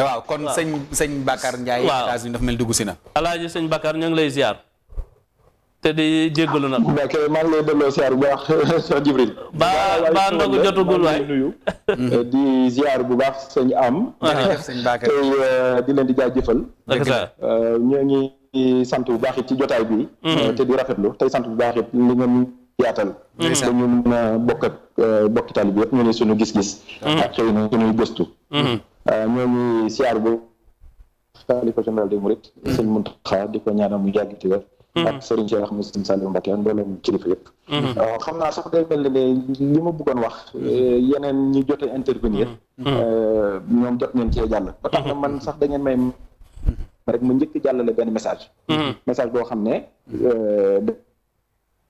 Eh, waaw kon sëñ sëñ Bakar Ndiaye. waaw États-Unis dafa mel dugg si na. alaaji sëñ Bakar ñoo ngi lay ziar. te di jéggalu nag. ok maa ngi lay delloo ziar bu baax Cheikh Jibril. ba ba ndogu jotagul waay nuyu. Mhm. Eh, di ziar bu baax sëñ am. sëñ Bakar tey eh, di leen di jaajëfal. dëgg la ñoo ngi sant bu baax ci jotaay bi. Mhm. te di rafetlu tey sant bu baax it li ngeen yaatal. dañu mën a bokk ak bokki taalibe bi yëpp ñu ne suñu gis-gis. Mhm. ak xëy na suñuy gëstu. Euh, ñoo ngi siyaar bu xalifa général des Mourides sëñ Mountakha di ko ñaanal mu yàgg ci wér mm. ak Serigne Cheikh Ahmed Sine Saliou Mbacké mboolem kilifa yëpp mm. euh, xam naa sax day mel ne li ma bëggoon wax mm. euh, yeneen ñi jotee intervenir ñoom jot ngeen cee jàll ba tax na man sax da ngeen may rek ma njëkk jàllale benn message message boo xam ne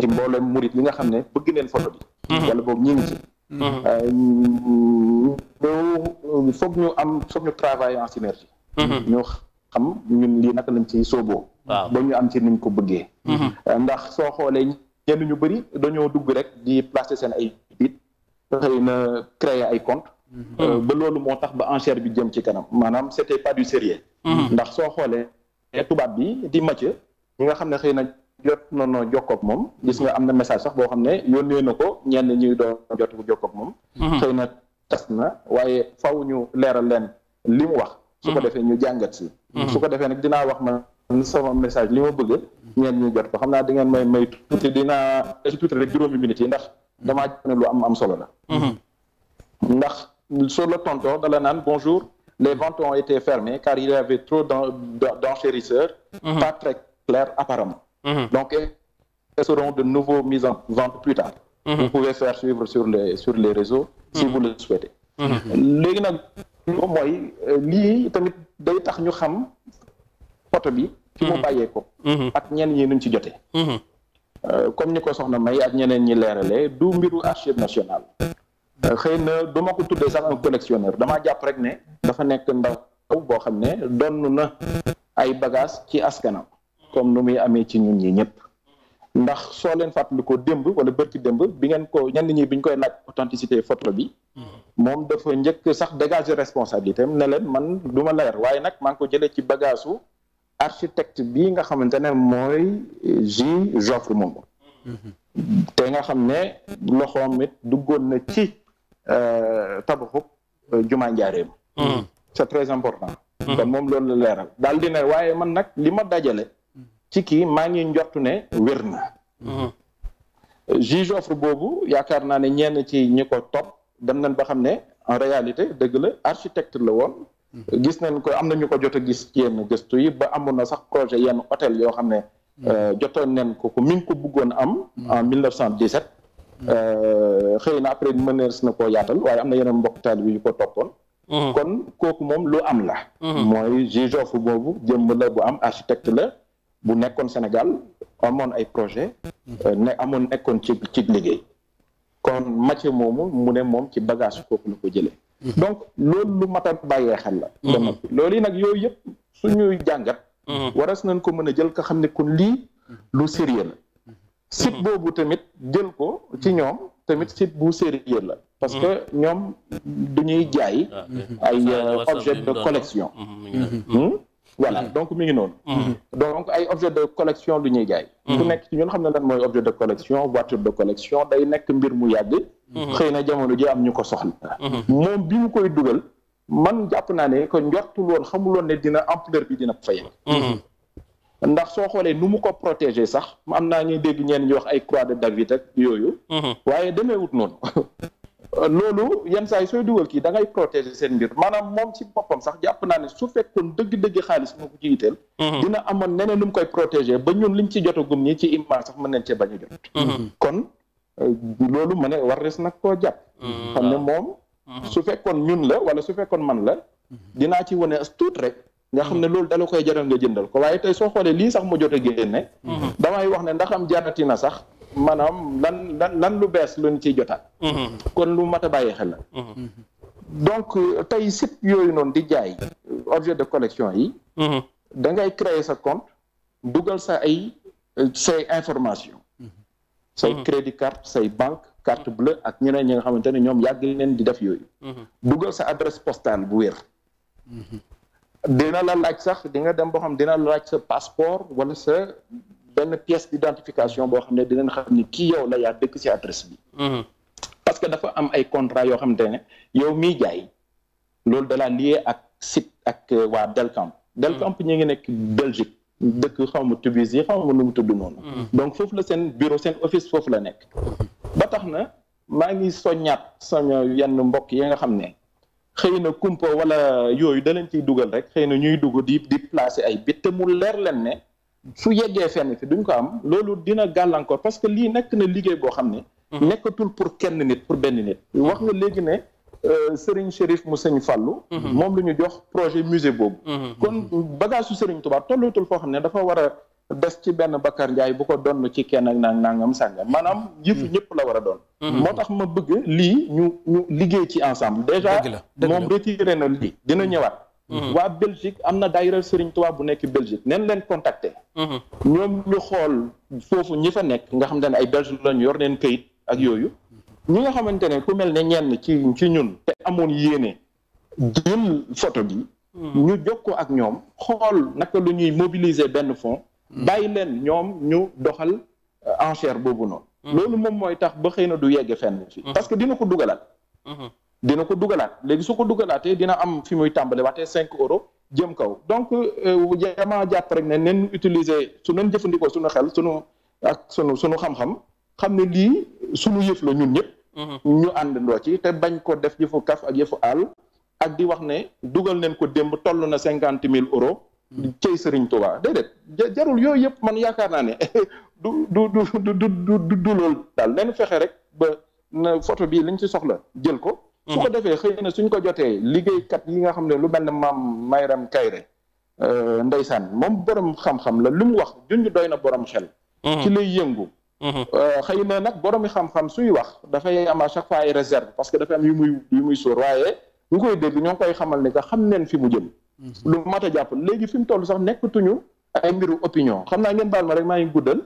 ci mboolem murit li nga xam ne bëgg neen photo bi wala boobu ñi ngi ñëw mhm. euh, euh, foog ñu am foog ñu travailler en synergie. Mhm. ñu xam ñun lii naka lañ ci sooboo. ba ñu am ci niñ ko bëggee. Mhm. Euh, ndax soo xoolee ñenn ñu bëri dañoo dugg rek di placer seen ay bit xëy na créer ay compte ba loolu moo tax ba enchère bi jëm ci kanam maanaam c'était pas du sérieux ndax soo xoolee tubaab bi di Mathieu ñi nga xam ne xëy na jot na noo jokkoo moom gis nga am na message sax boo xam ne yónnee na ko ñenn ñuy doon jot ko jokkoo moom. Mm-hmm. xëy na tas na waaye faw ñu leeral leen li mu wax. su ko mm-hmm. defee ñu jàngat si. Mm-hmm. su ko defee nag dinaa wax man sama message li ma bëgg ñenn ñu jot xam naa di ngeen may may tuuti dinaa ci tuuti rek juróomi minutes ndax damaa lu am am solo la. ndax sur le tonton dala naan bonjour. les ventes ont été fermées car il y avait trop d'en d'enchérisseurs. pas très clair apparemment. Mhm. Donc, elles de nouveau mises en vente plus tard. Mhm. Vous pouvez faire suivre sur les sur les réseaux si mhm. vous le léegi nag mooy euh, lii tamit day tax ñu xam poto bi. fi mu bàyyee ko. ak ñenn ñi nuñ ci jotee. Euh, comme ni ko soxna May ak ñeneen ñi leeralee du mbiru archive nationale. Euh, xëy na duma ma ko tuddee sax un collectionneur damaa jàpp rek ne dafa nekk ndaw boo xam ne donn na ay bagages ci askanam. comme nu muy amee ci ñun ñi ñëpp ndax soo leen fàttalikoo démb wala bërki démb bi ngeen ko ñenn ñi bi ñu koy laaj authenticité photo bi moom dafa njëkk sax dégager responsabilité am ne leen man du ma leer waaye nag maa ngi ko jëlee ci bagaasu architecte bi nga xamante ne mooy J Geoffre Momo te nga xam ne loxoom it duggoon na ci euh, tabaxub euh, jumaa njaareem mm. c'est très important mm. kon moom loolu la leeral daal di waaye man nag li dajale ci kii maa ngi njortu ne wér na. Mhm. juge offre boobu yaakaar naa ne ñenn ci ñi ko topp dem nañ ba xam ne en réalité dëgg la architecte la woon. Mhm. gis nañ koy am na ñu ko jot gis ci yenn gëstu yi ba amoon na sax projet yenn hôtel yoo xam ne. Mhm. Euh, jotoon nañ ko ko mi ngi ko bëggoon am. en 1917. Euh, xëy na après mënees na koo yaatal waaye am na yeneen mbokk taalibe ñu ko toppoon. kon kooku moom lu am la. mooy juge boobu jëm la bu am architecte la. bu nekkoon Sénégal amoon ay projet mhm. euh, ne amoon nekkoon ci ci liggéey kon métier moomu mu ne moom ci bagage kooku la ko jëlee mhm. donc loolu lu mat a bàyyee xel la mhm. dama loolu yi nag yooyu yëpp suñuy jàngat waras nañ ko mën a jël ka xam ne kon lii lu sérieux la site boobu tamit jël ko ci ñoom tamit site bu sérieux la parce que ñoom du ñuy jaay ay euh, objet de collection voilà mhm. donc mi ngi noonu. Mhm. Mhm. donc ay objet de collection lu ñuy jaay. ku nekk ci ñun xam ne lan mooy objet de collection voiture de collection day nekk mbir mu yàgg. xëy na jamono jee am ñu ko soxla. moom bi mu koy dugal man jàpp naa ne que njortul woon xamuloon ne dina ampleur bi dina fay. ndax soo xoolee nu mu ko protéger sax am naa ñuy dégg ñeen ñu wax ay croix de David ak yooyu. waaye demeewut noonu. Euh, loolu yenn saa yi sooy dugal kii da ngay protéger seen mbir maanaam moom ci boppam sax jàpp naa ne su fekkoon dëgg-dëgg xaalis moo ko jiiteel mhm. dina amoon neneen nu mu koy protéger ba ñun liñ ci jot a ñi ci image sax mën nañ cee bañ a jot mhm. kon euh, loolu ma ne war res nag koo jàpp mhm, xam ne moom su fekkoon ñun la wala su fekkoon man la dinaa ci wane as tuut rek nga xam ne loolu dala koy jaral nga jëndal ko waaye tey soo xoolee lii sax mu jot a génne damay wax ne ndax am jaarati na sax maanaam lan lan lan lu bees luñ ciy jotaat mhm. kon lu mat a bàyyi xel la mhm. donc tey site yooyu noonu di jaay euh, objet de collection yi mhm. da ngay créer sa compte dugal sa ay euh, say information say crédit carte say banque carte bleue ak ñeneen ñi nga xamante ne ñoom yàgg leen di def yooyu dugal sa adresse postale bu wér dina la laaj sax di nga dem boo xam dina la laaj sa passeport wala sa benn pièce d' identification boo xam ne dinañ xam ni kii yow la yaa dëkk ci adresse bi. Mm-hmm. parce que dafa am ay contrat yoo xamante ne yow mi jaay loolu da laa lié ak site ak euh, waa Delcamp. Delcamp mm-hmm. ñu ngi nekk Belgique dëkk xaw ma Tunisie xaw ma nu mu tudd noonu. Mm-hmm. donc foof la seen bureau seen office foofu la nekk. ba tax na maa ngi soññaat sama yenn mbokk yi nga xam ne xëy na kumpa wala yooyu da leen ciy dugal rek xëy na ñuy dugg di di ay bit te mu leer leen ne. su yeggee fenn fi duñ ko am loolu dina gàllankoor parce que lii nekk na liggéey boo xam ne. Mhm. nekkatul pour kenn nit pour benn nit. wax nga léegi ne euh, Serigne Chérif mu sëñ Fallu mhm. moom la ñu jox projet musée boobu. Mhm. kon bagage su Serigne Touba tollatul foo xam ne dafa war a des ci benn Bakar Ndiaye bu ko donn ci kenn ak naan nangam sàngam maanaam yëfu ñëpp la war a doon. moo tax ma bëgg lii ñu liggéey ci ensemble. déjà moom retiré na lii dina ñëwaat. Mhm. waa Belgique am na daayira Serigne Touba bu nekk Belgique neen leen contacter. Mhm. ñoom ñu xool foofu ñi fa nekk nga xamante ne ay Belge lañu yor neen kayit ak yooyu ñi nga xamante ne ku mel ne ñenn ci ci ñun te amoon yéene jël photo bi mhm. ñu ko ak ñoom xool naka lu ñuy mobiliser benn fond bàyyi leen ñoom ñu doxal euh, enchère boobu noonu loolu moom mooy tax ba xëy na du yegg fen fi parce que dina ko dugalaat dina ko dugalaat léegi su ko dugalaate dina am fi muy tàmbale waxtee cinq euros jëm kaw donc vraiment euh, jàpp rek ne nen utiliser su nen jëfandikoo sunu xel suñu ak sunu suñu xam-xam xam ne lii suñu yëf la ñun ñëpp mhm. ñu àndandoo ci te bañ ko def yëfu kaf ak yëfu àll ak di wax ne dugal neen ko démb toll na cinquante mille euros mhm. cey sëriñ Tuubaa déedéet jarul yooyu yëpp man yaakaar naa ne du du du du du du daal leen fexe rek ba photo bii liñ ci soxla jël ko su ko mhm. defee xëy na suñ ko jotee liggéey kat yi nga xam ne lu mel ne maam Mayram Kayre euh, ndeysaan moom borom xam-xam la lu mu wax junj doy na borom xel. Mhm. ci lay yëngu. Mhm. Euh, xëy na nag boromi xam-xam suy wax dafay am à chaque fois ay réserve parce que dafa am yu muy yu muy sóor waaye ñu koy dégg ñoo ngi koy xamal ne que xam neen fi mu jëm. lu mat a jàpp léegi fi mu toll sax nekkatuñu ay mbiru opinion xam naa ngeen baal ma rek maa ngi guddal.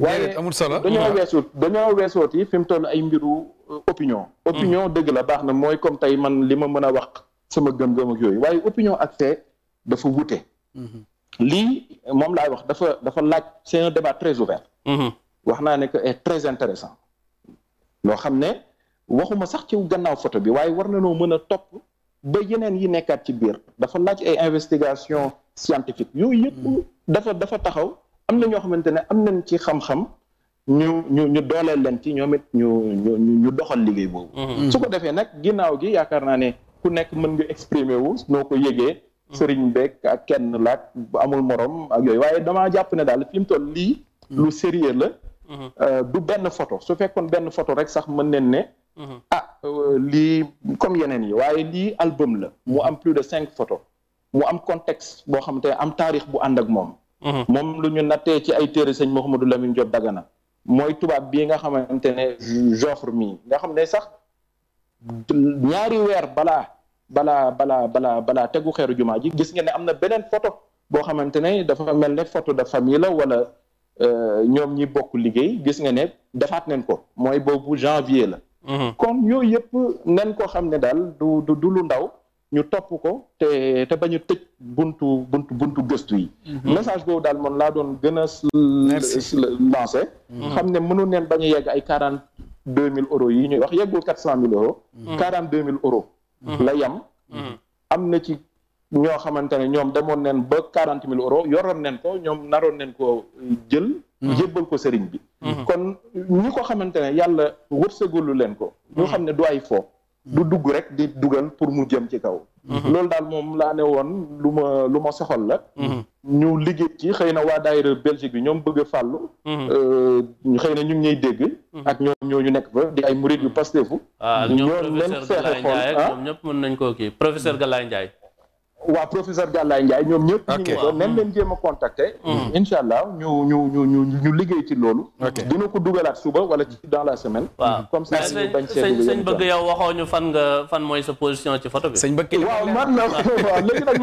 waaye eh, amul solo dañoo weesu dañoo weesoot yi fi mu toll ay mbiru euh, opinion hmm. opinion dëgg la baax na mooy comme tey man li ma mën a wax sama gëm-gëm ak yooyu waaye opinion ak fait dafa wute hmm. lii moom laay wax dafa dafa laaj c'est un débat très hmm. wax naa ne que est très intéressant loo xam ne waxuma sax ci gannaaw photo bi waaye war na noo mën a topp ba yeneen yi nekkaat ci biir dafa laaj ay investigation scientifique yooyu yëpp dafa dafa taxaw am na ñoo xamante ne am nañ ci xam-xam ñu ñu ñu dooleel leen ci ñoom it ñu ñu doxal liggéey boobu. Mm-hmm. su ko defee nag ginnaaw gi yaakaar naa ne ku nekk mën nga exprimer wu noo ko yëgee. Mm-hmm. sëriñ beeg ak kenn laaj bu amul moroom ak yooyu waaye dama jàpp ne daal fi mu toll lii. Mm-hmm. lu sérieux la. Euh, du benn photo su fekkoon benn photo rek sax mën nañ ne. ah euh, lii comme yeneen yi waaye lii album la mu am plus de cinq photos mu am contexte boo xam te am taarix bu ànd ak moom. Mhm. moom lu ñu nattee ci ay téere sëñ du Lamine Diop Dagana mooy tubaab bii nga xamante ne Joffre mii nga xam ne sax ñaari weer bala balaa balaa balaa balaa tegu xeeru jumaa ji gis ngeen ne am na beneen photo boo xamante ne dafa mel ne photo de famille la wala euh, ñoom ñi bokk liggéey gis nga ne defaat nañ ko mooy boobu janvier la mhm. kon yooyu yëpp nañ ko xam ne daal du du lu ndaw ñu topp ko te te bañ a tëj buntu buntu buntu yi. Mhm. message boobu daal moon laa doon gën a. lancé. Mhm. xam ne mënu neen bañ a ay quarante deux mille euros yi ñuy wax yeggul quatre cent mille euros. Mhm. quarante mille euros. la yem. am na ci ñoo xamante ne ñoom demoon neen ba quarante mille euros yoroon neen ko ñoom naroon neen ko jël. jébbal ko sëriñ bi. kon ñi ko xamante ne yàlla wërsëgulu leen ko. ñu xam ne du ay fo. du dugg rek di dugal pour mu jëm ci kaw. Mhm. loolu daal moom laa ne woon lu ma lu ma soxal la. Mhm. ñu liggéey ci xëy na waa daayira Belgique bi ñoom bëgg a fàllu. Mhm. Euh, xëy na ñu ngi ñuy dégg. ak ñoom ñoo ñu nekk fa di ay murid yu Pastefu. Ah, ñoo leen fexe xool ah ñoom professeur ñëpp mën nañ koo kii professeur Galaye Ndiaye. waa professeur Diallaye Ndiaye ñoom ñëpp. ok ñu ngi doon nañ leen jéem a contacter. Mm. ñu ñu ñu ñu liggéey ci loolu. dina ko dugalaat suba wala ci dans la semaine. waaw comme ñu bëgg yow waxoo ñu fan nga fan mooy sa position ci photo bi. sëñ bëgg waaw man na waaw léegi nag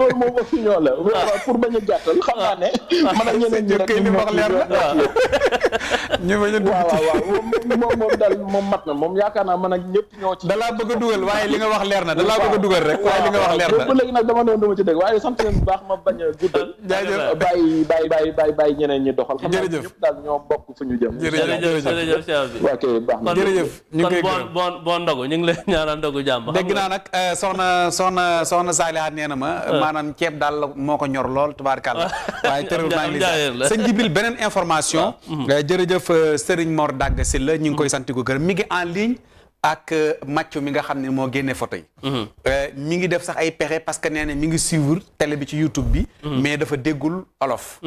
la. Ah. pour bañ a gàttal xam ne. Ah. man ak ñeneen ñi rek ñu wax leer la ñu a moom moom na moom yaakaar naa man ak ñëpp ñoo ci. dalaa bëgg dugal waaye li nga wax leer na dalaa bëgg a dugal rek waaye li nga wax leer na ba léegi nag dama doon dama ci dégg a guddal jaajëf bàyyi bàyyi bàyyi bàyyi bàyyi ñeneen ñi doxal xam naa ñëpp daal bokk fu ñu jëm jërëjëf jërëjëf chef bi ok baax na jërëjëf ñu ngi bon bon bon ndogu ñu ngi lay ñaanal ndogu jàmm dégg naa nag eh, soxna soxna nee na ma ah. maanaam ceeb daal moo ko ñor lool tubaarkàlla ah. waaye terewul maa ngi lay sëñ Jibril beneen ah. eh, jërëjëf jërëjëf euh, Serigne Mor Dagg si la ñu ngi koy mm-hmm. sant ko gërëm mi ngi en ligne ak euh, Mathieu mi nga xam ne moo génnee photo yi. Mm-hmm. Euh, mi ngi def sax ay pexe parce que nee na mi ngi suivre tele bi ci YouTube bi. Mm-hmm. mais dafa déggul olof.